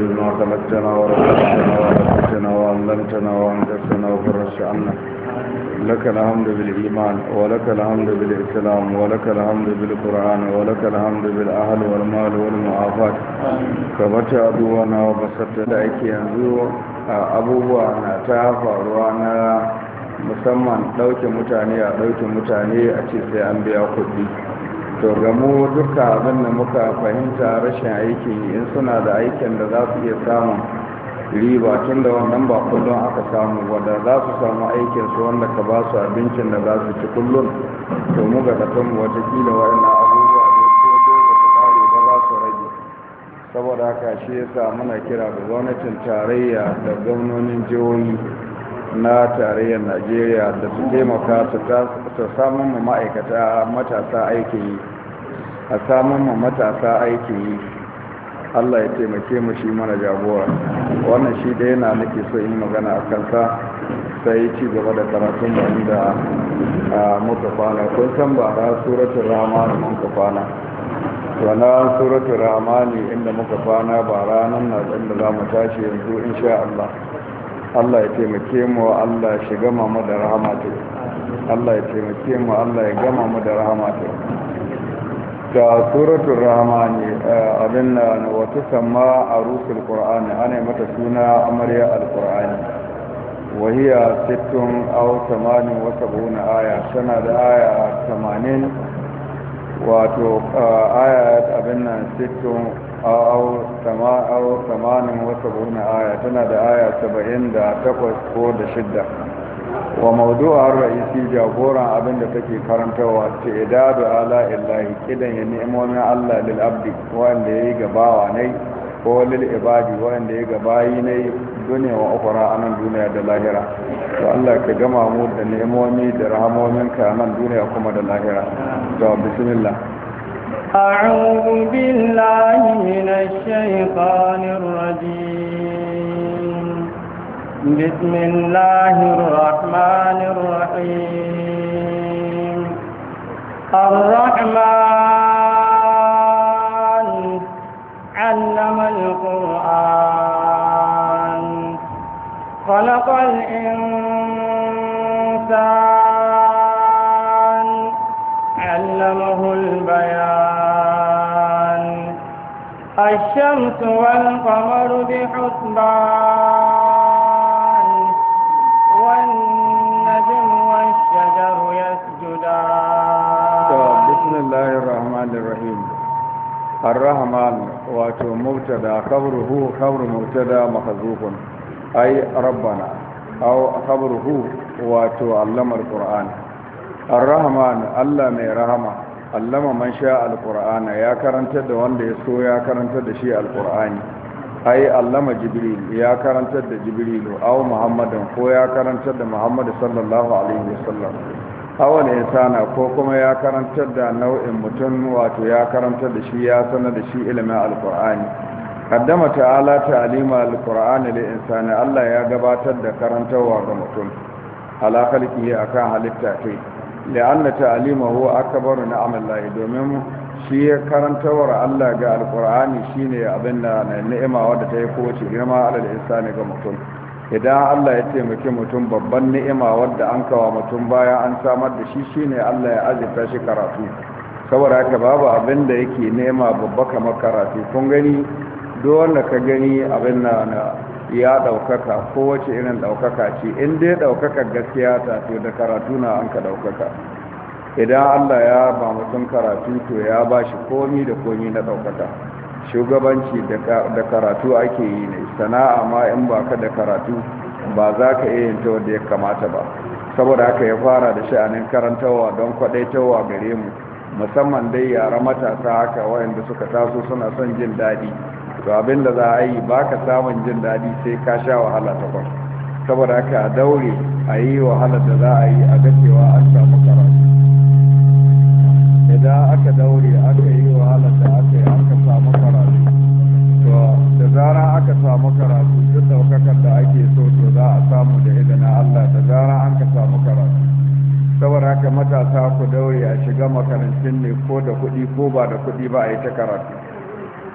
بما خلقتنا ورزقتنا ورزقتنا وعلمتنا وانجزتنا وفرجت عنا لك الحمد بالإيمان ولك الحمد بالإسلام ولك الحمد بالقرآن ولك الحمد بالأهل والمال والمعافات كبت أدوانا وبسطت لك ينزو أبوانا تافا روانا musamman ɗauke mutane a ɗauke mutane a ce sai an biya kuɗi to gamu duka abin da muka fahimta rashin aiki in suna da aikin da za su iya samun riba tun da wannan ba kullum aka samu wadda za su samu aikin su wanda ka ba su abincin da za su ci kullum to mu ga zaton watakila wa'ina abubuwa da su da su kare ba za su rage saboda haka shi yasa muna kira ga gwamnatin tarayya da gwamnonin jihohi na tarayyar najeriya da su taimaka su samun mu ma'aikata matasa aikin yi a samun mu matasa aikin yi allah ya taimake mu shi mana jagora wannan shi da yana nake so in magana a kansa sai ci gaba da karatun da inda muka kwana kun san ba na suratun rama da muka kwana wana suratun rama ne inda muka kwana ba ranar na da za mu tashi yanzu insha allah Allah ya taimake mu Allah ya shiga mu da rahama ta Allah ya taimake mu Allah ya gama mu da rahama ta da suratul rahmani eh, abin na wata sama a rusul qur'ani ana mata suna amarya alqur'ani wahiya sittun aw tamanin wa sab'una aya tana da aya 80 wato eh, aya abin nan sittun aw samanin wata buna aya tana da aya saba'in da takwas ko da shidda wa maudu maudu'ar ra'isi jagoran abin da take karantarwa ce idadu ala illahi kidan ya ni'imomin allah lil'abdi, abdi wanda ya yi gabawa ne ko lil'ibadi, ibadi wanda ya gabayi ne duniya wa ukura nan duniya da lahira to allah ka gama mu da ni'imomi da rahamomin a nan duniya kuma da lahira to bismillah أعوذ بالله من الشيطان بسم الله الرحمن الرحيم الرحمن علم القرآن خلق الإنسان علمه البيان الشمس والقمر بحسبان الرحمن واتو مبتدا خبره خبر مبتدا مخزوف أي ربنا أو خبره واتو علم القرآن الرحمن الله من رحمة علم من شاء القرآن يا كرنت دوان ليسو يا كرنت دشي القرآن أي علم جبريل يا كرنت جبريل أو محمد هو يا كرنت محمد صلى الله عليه وسلم kawane insana ko kuma ya karantar da nau'in mutum wato ya karantar da shi ya sanar da shi ilimin alkur'ani kaddama ta'ala ta'alima alkur'ani da insani Allah ya gabatar da karantarwa ga mutum ala a kan halitta kai aka baro na ni'amallahi domin shi ya karantarwar Allah ga alkur'ani shine abin da ni'ima wadda ta yi kowace girma alal insani ga mutum idan Allah ya taimake mutum babban ni'ima wadda an kawa mutum baya an samar da shi shine Allah ya azurta shi karatu saboda haka babu abin da yake nema babba kamar karatu kun gani Dole wanda ka gani abin na ya daukaka kowace irin daukaka ce in dai daukaka gaskiya ta to da karatu na an ka daukaka idan Allah ya ba mutum karatu to ya ba shi komi da komi na daukaka shugabanci da karatu ake yi ne sana'a ma in ba ka da karatu ba za ka iya yin ta wadda ya kamata ba saboda haka ya fara da sha'anin karantarwa don kwadaitawa gare mu musamman dai yara matasa haka wayanda suka taso suna son jin daɗi to abin da za a yi ba ka samun jin daɗi sai ka sha wahala takwas saboda haka a daure a yi wahalar da za a yi a gasewa an samu karatu idan aka daure aka yi wahalar da aka yi aka saboda haka matasa ku daure a shiga makarantun ne ko da kuɗi ko ba da kuɗi ba a yi ta karatu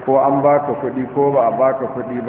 ko an baka kuɗi ko ba a baka kuɗi ba.